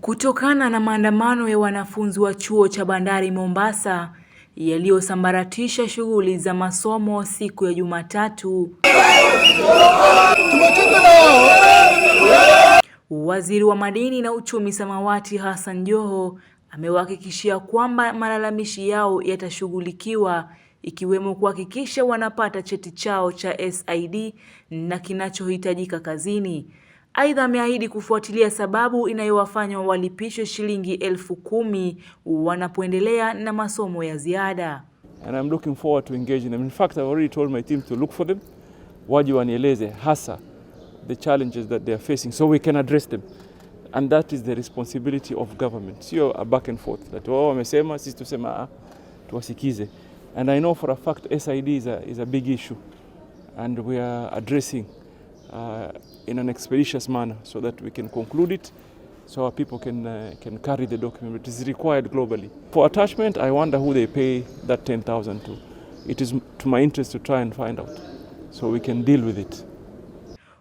Kutokana na maandamano ya wanafunzi wa chuo cha bandari Mombasa yaliyosambaratisha shughuli za masomo siku ya Jumatatu, Waziri wa Madini na Uchumi Samawati Hassan Joho amewahakikishia kwamba malalamishi yao yatashughulikiwa ikiwemo kuhakikisha wanapata cheti chao cha SID na kinachohitajika kazini. Aidha, ameahidi kufuatilia sababu inayowafanya walipishwe shilingi elfu kumi wanapoendelea na masomo ya ziada. And I'm looking forward to engaging them. In fact, I've already told my team to look for them. Waje wanieleze hasa the challenges that they are facing so we can address them. And that is the responsibility of government. Sio a back and forth. That wao wamesema sisi tusema ah, tuwasikize. And I know for a fact SID is a, is a big issue and we are addressing uh, in an expeditious manner so that we can conclude it so our people can, uh, can carry the document. It is required globally. For attachment, I wonder who they pay that 10,000 to. It is to my interest to try and find out so we can deal with it.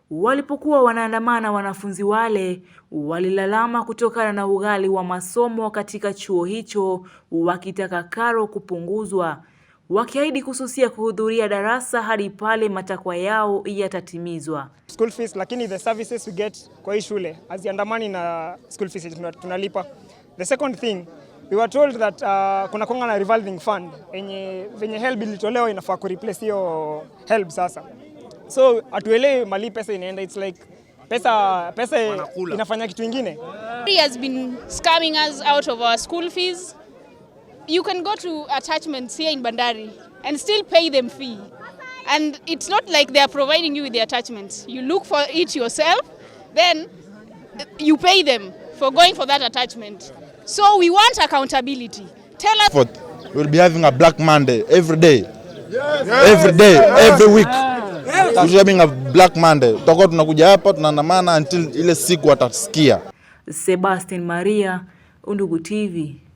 Walipokuwa wanaandamana, wanafunzi wale walilalama kutokana na ughali wa masomo katika chuo hicho, wakitaka karo kupunguzwa wakiahidi kususia kuhudhuria darasa hadi pale matakwa yao yatatimizwa. School fees, lakini the services we get kwa hii shule haziandamani na school fees tunalipa. The second thing we were told that uh, kuna kwanga na revolving fund enye venye HELB ilitolewa inafaa ku replace hiyo HELB sasa, so atuelewe mali pesa inaenda, it's like pesa pesa inafanya kitu ingine. He has been scamming us out of our school fees you can go to attachments here in Bandari and still pay them fee. And it's not like they are providing you with the attachments. You look for it yourself, then you pay them for going for that attachment. So we want accountability. Tell us. We'll be having a Black Monday every day. Yes. Every day, every week. Yes. We'll be having a Black Monday. toko tunakuja hapa tunaandamana until ile siku atasikia. Sebastian Maria, Undugu TV.